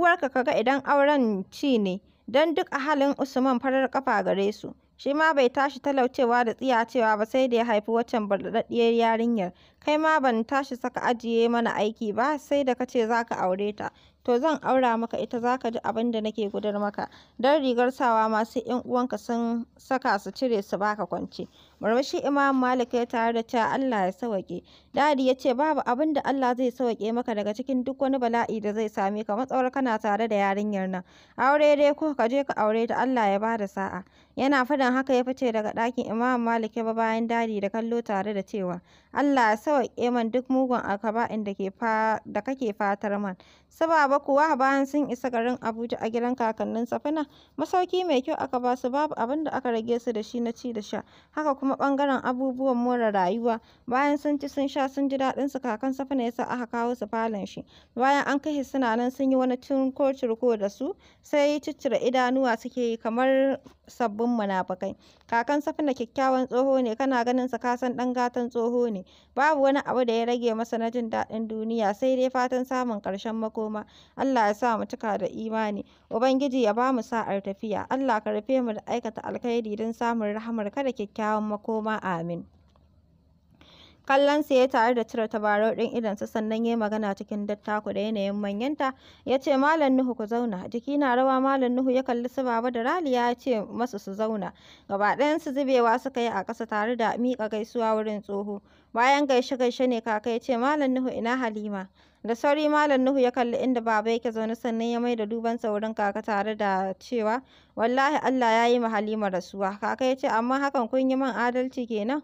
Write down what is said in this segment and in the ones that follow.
uwarka ka ga idan auren ci ne, don duk a halin Usman farar kafa gare su. Shi ma bai tashi talaucewa da tsiya cewa ba sai da ya haifi waccan barɗaɗɗiyar yarinyar. Kai ma ban tashi saka ajiye mana aiki ba sai da ka ce za ka aure ta. To zan aura maka ita za ka ji abin da nake gudar maka. Don rigar sawa masu 'yan uwanka sun saka su cire su baka kwance. Murmushi Imam Malik ya tare da cewa Allah ya sawaƙe. Dadi ya ce babu abin da Allah zai sawaƙe maka daga cikin duk wani bala'i da zai same ka matsawar kana tare da yarinyar nan. Aure dai ko ka je ka aure ta Allah ya bada sa'a. Yana fadan haka ya fice daga ɗakin Imam Malik ya bayan dadi da kallo tare da cewa Allah ya sawaƙe man duk mugun akaba'in da ke fa da kake fatar man. Sababa kuwa bayan sun isa garin Abuja a gidan kakannin Safina masauki mai kyau aka ba su babu abin da aka rage su da shi na ci da sha. Haka kuma kuma ɓangaren abubuwan more rayuwa. Bayan sun ci sun sha sun ji daɗin su kakan Safina ya sa aka kawo su falon shi. Bayan an kashe suna nan sun yi wani cirko-cirko da su sai ciccire idanuwa suke yi kamar sabbin munafukai. Kakan na kyakkyawan tsoho ne kana ganin sa ka san ɗan gatan tsoho ne. Babu wani abu da ya rage masa na jin daɗin duniya sai dai fatan samun ƙarshen makoma. Allah ya sa mu cika da imani. Ubangiji ya ba mu sa'ar tafiya. Allah ka rufe mu da aikata alkhairi don samun rahamar kada kyakkyawan makoma. makoma, amin. Kallon Kallonsa ya tare da cire tabarau ɗin idansa sannan ya yi magana cikin dattako da yanayin manyanta. Ya ce, Malam Nuhu ku zauna. Jiki na rawa Malam Nuhu ya kalli su Baba da Raliya ya ce masu su zauna. Gaba ɗayan su zubewa suka yi a ƙasa tare da miƙa gaisuwa wurin tsoho. Bayan gaishe-gaishe ne kaka ya ce, Malam Nuhu ina Halima. da sauri malam nuhu ya kalli inda baba yake zaune sannan ya mai da duban saurin kaka tare da cewa wallahi allah ya yi ma halima rasuwa kaka ya ce amma hakan kun yi man adalci kenan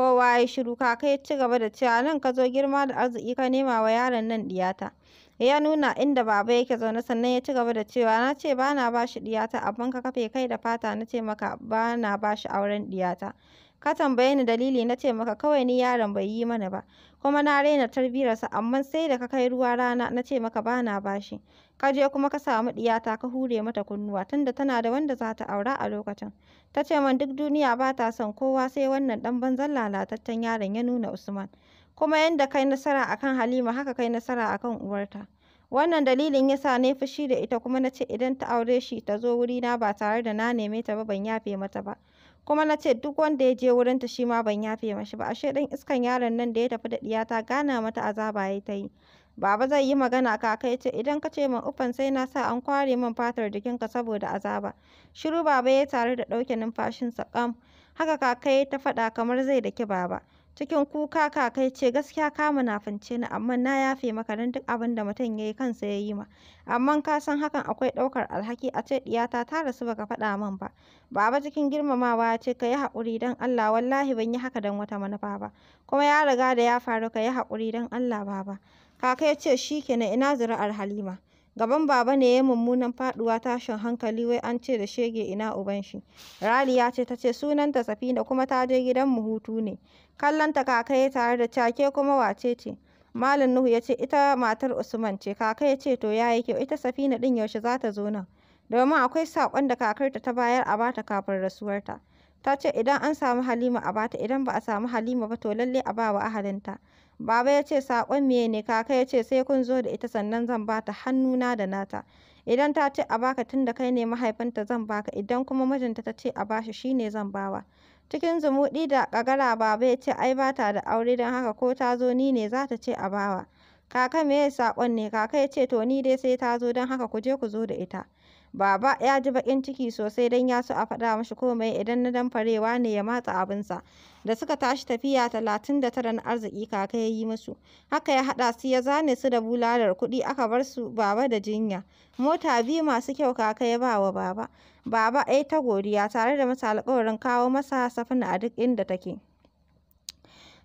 Kowa ya yi shiru, kaka ya ci gaba da cewa nan ka zo girma da arziki ka nema wa yaron nan ɗiyata. Ya nuna inda baba yake zaune sannan ya ci gaba da cewa na ce ba na ba shi ɗiyata abin ka kafe kai da fata na ce maka ba na ba shi auren ɗiyata. Ka tambaye ni dalili na ce maka kawai ni yaron bai yi mana ba, kuma na raina tarbiyyarsa amma sai da ka kai ruwa rana na ce maka ba na bashi Ka je kuma ka samu ɗiyata ka hure mata kunnuwa tunda tana da wanda za ta aura a lokacin. Ta ce min duk duniya ba ta son kowa sai wannan ɗan banzan lalataccen yaron ya nuna Usman. Kuma yadda kai nasara akan Halima haka kai nasara akan uwarta. Wannan dalilin ya sa na fushi da ita kuma na ce idan ta aure shi ta zo wurina ba tare da na neme ta ba ban yafe mata ba. kuma na ce duk wanda ya je wurinta shi ma ban yafe mashi ba ashe ɗan iskan yaron nan da ya tafi da ta gana mata azaba ya ta yi baba zai yi magana kaka kai ce idan ka ce min ufan sai na sa an kware min fatar jikinka saboda azaba shiru baba ya tare da ɗauke numfashinsa ƙam haka kaka ya ta faɗa kamar zai daki baba Cikin kuka kakai ce gaskiya ka munafunce ni amma na yafe maka don duk abin da mutum ya yi kansa ya yi ma. Amma ka san hakan akwai ɗaukar alhaki a ce ɗiyata ta rasu baka faɗa min ba. Baba cikin girmamawa ya ce ka yi haƙuri don Allah wallahi ban yi haka don wata manufa ba. Kuma ya riga da ya faru ka yi haƙuri don Allah baba. Kaka ya ce shi kenan ina zuri'ar Halima. Gaban Baba ne ya yi mummunan faɗuwa tashin hankali wai an ce da shege ina uban shi. Raliya ce ta ce sunanta Safina kuma ta je gidan mu hutu ne. Kallonta ta kakai tare da cake kuma wace ce? Malam Nuhu ya ce ita matar Usman ce, kaka ya ce to ya yi kyau, ita Safina ɗin yaushe za ta zo nan? Domin akwai saƙon da kakarta ta bayar a bata kafin rasuwarta. Ta ce idan an samu Halima a bata, idan ba a samu Halima ba to lallai a ba wa ahalinta. Baba ya ce saƙon miye ne? Kaka ya ce sai kun zo da ita sannan zan ba ta hannuna da nata. Idan ta ce a baka tunda kai ne mahaifinta zan baka idan kuma mijinta ta ce a bashi shi ne zan bawa. Cikin zumuɗi da ƙagara Baba ya ce ai ba ta da aure don haka ko ta zo ni ne za ta ce a bawa. Kaka meye saƙon ne? Kaka ya ce to ni dai sai ta zo don haka ku je ku zo da ita. Baba ya ji baƙin ciki sosai don ya so a faɗa mashi komai idan na damfarewa ne ya matsa abinsa. Da suka tashi tafiya talatin da tara na arziki kaka ya yi musu. Haka ya haɗa su ya zane su da bulalar kuɗi aka bar su baba da jinya. Mota biyu masu kyau kaka ya ba wa baba. Baba ai ta godiya tare da masa alƙawarin kawo masa safina a duk inda take.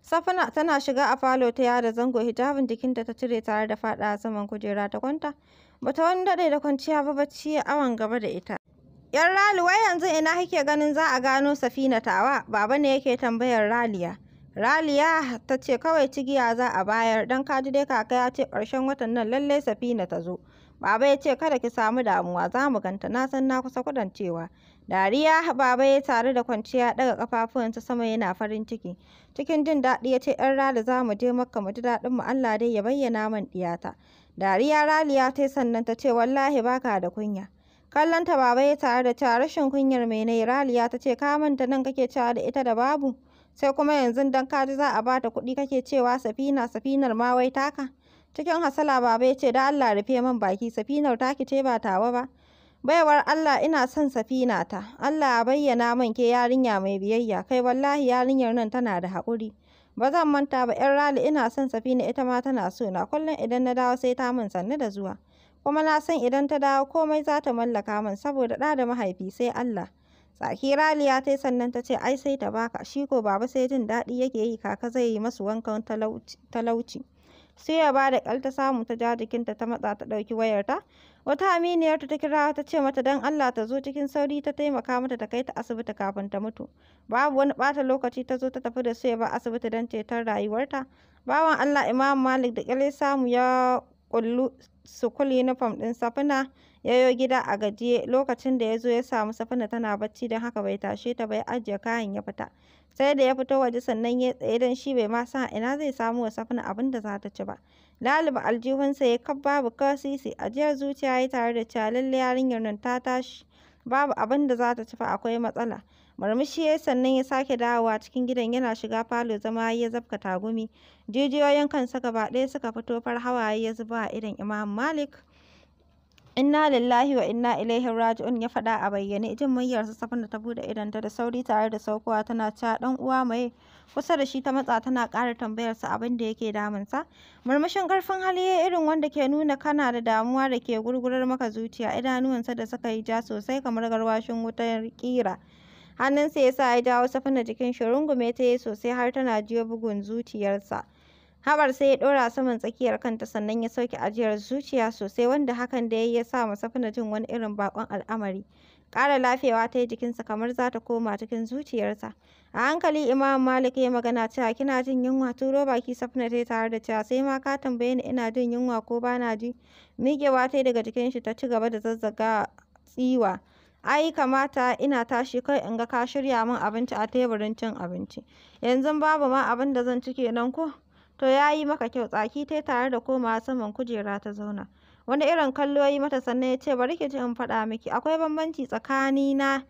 Safina tana shiga a falo ta yada zango hijabin jikin ta ta cire tare da faɗa a saman kujera ta kwanta. Bata wani dade da kwanciya ba bacci ya awon gaba da ita. yan Rali wai yanzu ina kike ganin za a gano Safina tawa? Baba ne yake tambayar Raliya. Raliya ta ce kawai cigiya za a bayar don kaji dai kaka ya ce karshen watan nan lallai Safina ta zo. Baba ya ce kada ki samu damuwa za mu ganta na san na kusa kudancewa. Dariya Baba ya tare da kwanciya ya ɗaga ƙafafuwansa sama yana farin ciki. Cikin jin daɗi ya ce ‘yan Rali za mu je Makka mu ji daɗin mu Allah dai ya bayyana man ɗiyata. Dariya Raliya ta yi sannan ta ce wallahi baka da kunya. Kallon Baba ya tare da cewa rashin kunyar mai ne Raliya ta ce ka manta nan kake cewa da ita da babu. Sai kuma yanzu dan ka ji za a bata kuɗi kake cewa safina safinar ma wai taka. Cikin hasala Baba ya ce da Allah rufe man baki safinar taki ce ba tawa ba. Baiwar Allah ina son Safina ta. Allah ya bayyana min ke yarinya mai biyayya, kai wallahi yarinyar nan tana da haƙuri. Ba zan manta ba ‘yan rali ina son Safina ita ma tana so na, kullum idan na dawo sai ta min sannu da zuwa. Kuma na san idan ta dawo komai za ta mallaka min saboda ɗa da mahaifi sai Allah. Tsaki rali ya yi sannan ta ce ai sai ta baka, shi ko baba sai jin daɗi yake yi kaka zai yi masu wankan talauci. sai ya bada ƙyar ta samu ta ja jikinta ta matsa ta ɗauki wayarta wata aminiyarta ta kira ta ce mata don Allah ta zo cikin sauri ta taimaka mata ta kai ta asibiti kafin ta mutu babu wani ɓata lokaci ta zo ta tafi da su ya ba asibiti don ceton rayuwarta bawan Allah Imam Malik da ƙyale samu ya kullu sukul yunifom ɗin Safina ya yo gida a gajiye lokacin da ya zo ya samu Safina tana bacci don haka bai tashe ta ba ya ajiye kayan ya fita. Sai da ya fito waje sannan ya tsaye don shi bai ma san ina zai samu wa Safina abin da za ta ci ba. Laliba aljihunsa ya kaf babu kasisi ajiyar zuciya ya tare da cewa lallai yarinyar nan ta tashi babu abin da za ta ci fa akwai matsala. Murmushi ya sannan ya sake dawowa cikin gidan yana shiga falo zama ya zafka tagumi. Jijiyoyin kansa gaba ɗaya suka fito far hawaye ya zuba a idon Imam Malik. Inna lillahi wa inna ilaihi raji'un ya faɗa a bayyane jin muryarsa Safina ta bude ta da sauri tare da saukowa tana cewa dan uwa mai kusa da shi ta matsa tana ƙara tambayarsa abin da yake damunsa murmushin ƙarfin hali ya irin wanda ke nuna kana da damuwa da ke gurgurar maka zuciya idanuwansa da suka yi ja sosai kamar garwashin wutar ƙira hannunsa ya sa ya dawo safina jikin shi rungume ta yi sosai har tana jiyo bugun zuciyarsa haɓar sai ya ɗora saman tsakiyar kanta sannan ya sauke ajiyar zuciya sosai wanda hakan da ya sa masafina jin wani irin bakon al'amari ƙara lafiyawa ta yi jikinsa kamar za ta koma cikin zuciyarsa a hankali imam malik ya magana cewa kina jin yunwa turo baki safina ta tare da cewa sai ma ka tambaye ni ina jin yunwa ko ba na ji miƙewa ta daga jikin shi ta ci gaba da zazzaga tsiwa Ai kamata ina tashi kai in ga ka shirya min abinci a teburin cin abinci, yanzu babu ma abin da zan ci kenan ko? To ya yi maka kyau, tsaki ta tare da komawa saman kujera ta zauna. Wani irin kallo ya yi mata sannan ya ce bari ki ji in faɗa miki, akwai bambanci tsakanina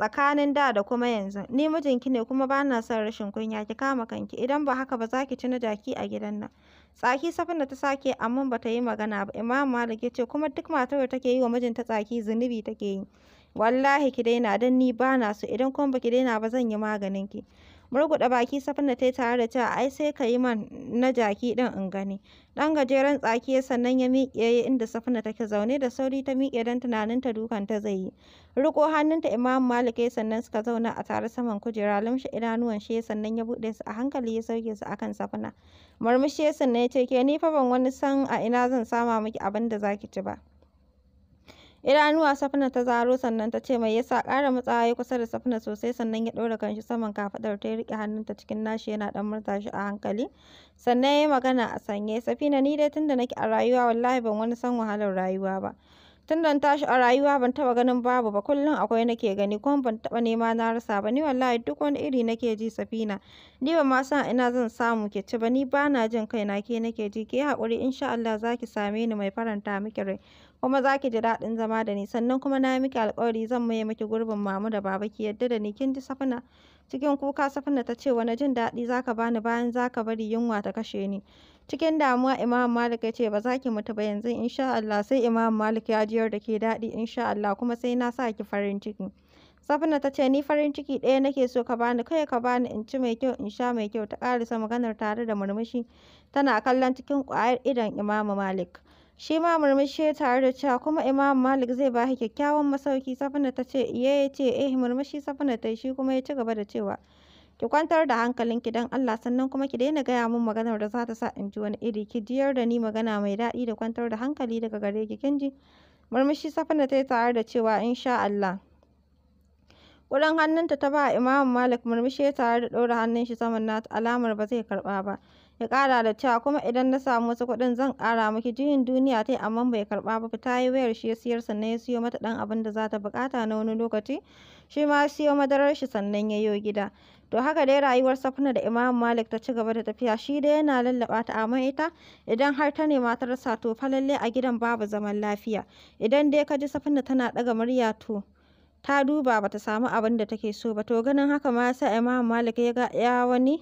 tsakanin da da kuma yanzu. Ni mijinki ne kuma ba na son rashin kunya, ki kama kanki, idan ba haka ba za ki ci na jaki a gidan nan. Tsaki Safina ta sake amma ba ta yi magana ba. Imam Malik ya ce kuma duk matar da take yi wa mijinta tsaki zunubi take yi. Wallahi ki daina don ni ba na so, idan kuma ba ki daina ba zan yi maganin ki. Murguɗa baki Safina ta yi tare da cewa ai sai ka yi man na jaki ɗin in gani. Ɗan gajeren tsaki sannan ya miƙe ya inda Safina take zaune da sauri ta miƙe don tunaninta dukan ta zai yi. Riko hannunta Imam Malik ya sannan suka zauna a tare saman kujera lamshe idanuwan shi ya sannan ya buɗe su a hankali ya sauke su akan Safina. Murmushi ya sannan ya ce ke ni fa ban wani san a ina zan sama miki abin da zaki ci ba. Idanuwa Safna ta zaro sannan ta ce mai yasa ƙara matsawa ya kusa da Safna sosai sannan ya ɗora kanshi saman kafaɗar ta riƙe hannunta cikin nashi yana ɗan murta shi a hankali. Sannan ya yi magana a sanye, Safina ni dai tunda nake a rayuwa wallahi ban wani san wahalar rayuwa ba. Tun da tashi a rayuwa ban taba ganin babu ba kullum akwai nake gani kuma ban taba nema na rasa ba ni wallahi duk wani iri nake ji Safina. Ni ba ma san ina zan samu ke ci ba ni bana na jin kaina ke nake ji ki haƙuri insha Allah za ki same ni mai faranta miki rai. kuma za ki ji daɗin zama da ni sannan kuma na miki alƙawari zan maye miki gurbin mamu da baba ki yadda da ni kin ji safina cikin kuka safina ta ce wani jin daɗi za ka bani bayan za ka bari yunwa ta kashe ni cikin damuwa imam malik ya ce ba za ki mutu ba yanzu insha Allah sai imam malik ya jiyar da ke daɗi insha Allah kuma sai na sa ki farin ciki Safina ta ce ni farin ciki ɗaya nake so ka bani kai ka bani in ci mai kyau in sha mai kyau ta ƙarisa maganar tare da murmushi tana kallon cikin ƙwayar idon Imam Malik. shi ma murmushi ya tare da cewa kuma Imam Malik zai ba kyakkyawan masauki Safina ta ce iye ya ce eh murmushi Safina ta shi kuma ya ci gaba da cewa ki kwantar da hankalinki don Allah sannan kuma ki daina gaya min maganar da za ta sa in ji wani iri ki jiyar da ni magana mai daɗi da kwantar da hankali daga gare ki kin ji murmushi Safina ta yi tare da cewa insha Allah wurin hannunta ta ba Imam Malik murmushi ya tare da ɗora hannun shi saman nata alamar ba zai karɓa ba ya ƙara da cewa kuma idan na samu wasu kuɗin zan ƙara miki juyin duniya ta amma bai karɓa ba ta yi wayar shi ya siyar sannan ya siyo mata ɗan abin da za ta buƙata na wani lokaci shi ma ya siyo madarar shi sannan ya yo gida to haka dai rayuwar Safna da Imam Malik ta ci gaba da tafiya shi dai yana lallaɓa ta amma ita idan har ta nema ta rasa to fa lallai a gidan babu zaman lafiya idan dai ka ji Safna tana ɗaga murya to ta duba bata samu abin da take so ba to ganin haka ma ya sa Imam Malik ya ga ya wani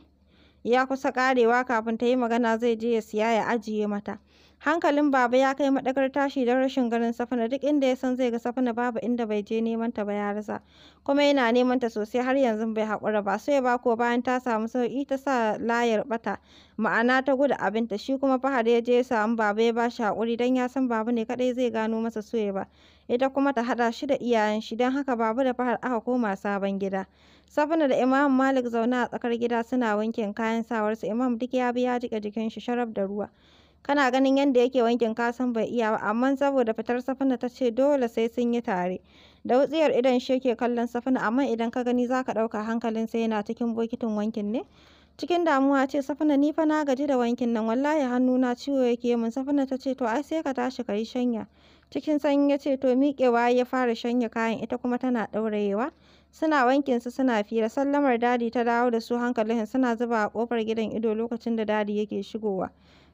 ya kusa ƙarewa kafin ta yi magana zai je ya siya ya ajiye mata hankalin baba ya kai madakar tashi don rashin ganin safina duk inda ya san zai ga safina babu inda bai je neman ta ba ya rasa kuma yana neman ta sosai har yanzu bai haƙura ba sai ba ko bayan ta samu sauki ta sa layar bata ma'ana ta gudu abinta shi kuma fahad ya je ya samu baba ya ba shi haƙuri don ya san baba ne kaɗai zai gano masa soya ba ita kuma ta haɗa shi da iyayen shi don haka babu da fahar aka koma sabon gida. Safina da Imam Malik zaune a tsakar gida suna wankin kayan su Imam duk ya bi ya jiƙe jikin shi sharaf da ruwa. Kana ganin yadda yake wankin kasan bai iya ba amma saboda fitar Safina ta ce dole sai sun yi tare. Da wutsiyar idan shi yake kallon Safina amma idan ka gani za ka ɗauka hankalin sai yana cikin bokitin wankin ne. cikin damuwa ce safina ni fa na gaji da wankin nan wallahi hannu na ciwo yake min safina ta ce to ai sai ka tashi ka yi shanya Cikin sanyi ya ce to miƙewa ya fara shanya kayan ita kuma tana ɗaurayewa. Suna wankinsu suna fira sallamar dadi ta dawo da su hankalin suna zuba a ƙofar gidan ido lokacin da dadi yake shigowa.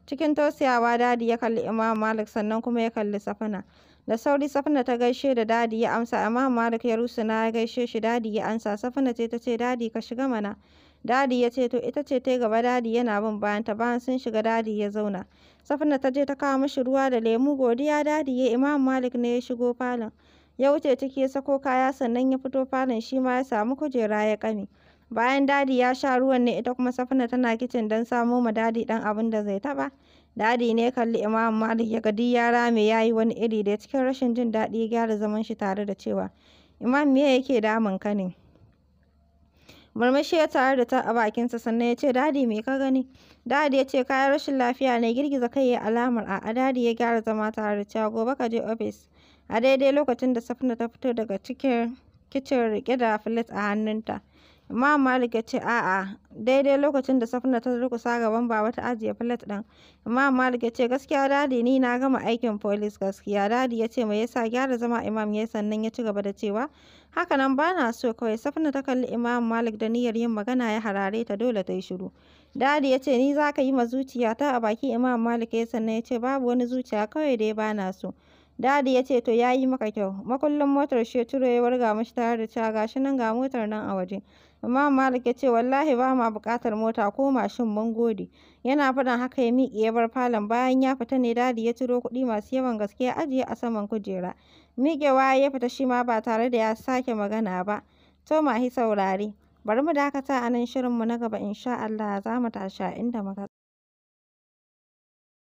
Cikin tausayawa dadi ya kalli Imam Malik sannan kuma ya kalli Safina. Da sauri Safina ta gaishe da dadi ya amsa Imam Malik ya rusuna ya gaishe shi dadi ya amsa Safina ce ta ce dadi ka shiga mana. Dadi ya ce to ita ce ta gaba dadi yana bin bayanta bayan sun shiga dadi ya zauna. Safina ta je ta kawo mishi ruwa da lemu godiya dadi ya Imam Malik ne ya shigo falon. Ya wuce ciki ya sako kaya sannan ya fito falon shi ma ya samu kujera ya kame. Bayan dadi ya sha ruwan ne ita kuma Safina tana kicin don samo ma dadi dan abin da zai taba. Dadi ne kalli Imam Malik ya gadi ya rame yayi wani iri da cikin rashin jin daɗi ya gyara zaman shi tare da cewa Imam me yake damun ka ne? Murmushi ya tare da ta a bakinsa sannan ya ce, Dadi me ka gani? Dadi ya ce, kayan rashin lafiya ne girgiza kai ya alamar a Dadi ya gyara zama tare da cewa gobe ka je ofis. A daidai lokacin da safina ta fito daga cikin kicin rike da filet a hannunta. Imam Malik ya ce a'a, daidai lokacin da Safna ta durƙusa gaban Baba ta ajiye filat ɗin. Imam Malik ya ce gaskiya dadi ni na gama aikin folis gaskiya. Dadi ya ce me yasa gyara zama Imam ya sannan ya ci gaba da cewa haka nan ba na so kawai Safna ta kalli Imam Malik da niyyar yin magana ya harare ta dole ta yi shiru. Dadi ya ce ni za ka yi ma zuciyata a baki Imam Malik ya sannan ya ce babu wani zuciya kawai dai ba na so. Dadi ya ce to ya yi maka kyau. Makullin motar shi ya warga mashi tare da cewa ga shi nan ga motar nan a waje. amma Malik ya ce wallahi ba ma bukatar mota ko mashin mun gode. Yana faɗin haka ya miƙe ya bar falon bayan ya fita ne dadi ya ciro kuɗi masu yawan gaske ya ajiye a saman kujera. Miƙewa ya fita shi ma ba tare da ya sake magana ba. To mahi saurare. Bari mu dakata a nan shirinmu na gaba insha Allah za mu tashi a inda muka